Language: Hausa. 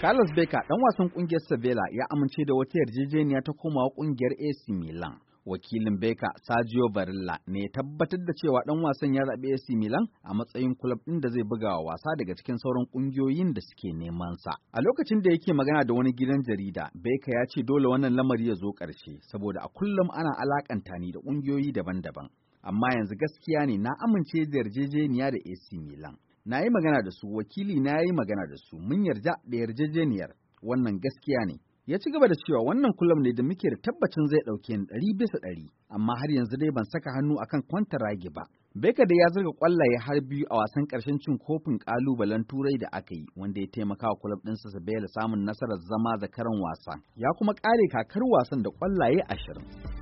Carlos Baker dan wasan kungiyar Sevilla ya amince da wata yarjejeniya ta komawa kungiyar AC Milan. Wakilin Baker Sergio Barilla ne tabbatar da cewa dan wasan ya zaɓi AC Milan a matsayin kulab din da zai buga wa wasa daga cikin sauran kungiyoyin da suke neman sa. A lokacin da yake magana da wani gidan jarida, Baker ya ce dole wannan lamari ya zo ƙarshe saboda a kullum ana alakanta ni da kungiyoyi daban-daban. Amma yanzu gaskiya ne na amince da yarjejeniya da AC Milan. na yi magana da su wakili na yi magana da su mun yarda da yarjejeniyar wannan gaskiya ne ya ci gaba da cewa wannan kulam ne da muke da tabbacin zai ɗauke ni ɗari bisa ɗari amma har yanzu dai ban saka hannu akan rage ba Beka da ya zurga kwallaye har biyu a wasan karshen cin kofin kalubalen turai da aka yi wanda ya taimaka wa kulam ɗinsa bela samun nasarar zama zakaran wasa ya kuma ƙare kakar wasan da kwallaye ashirin.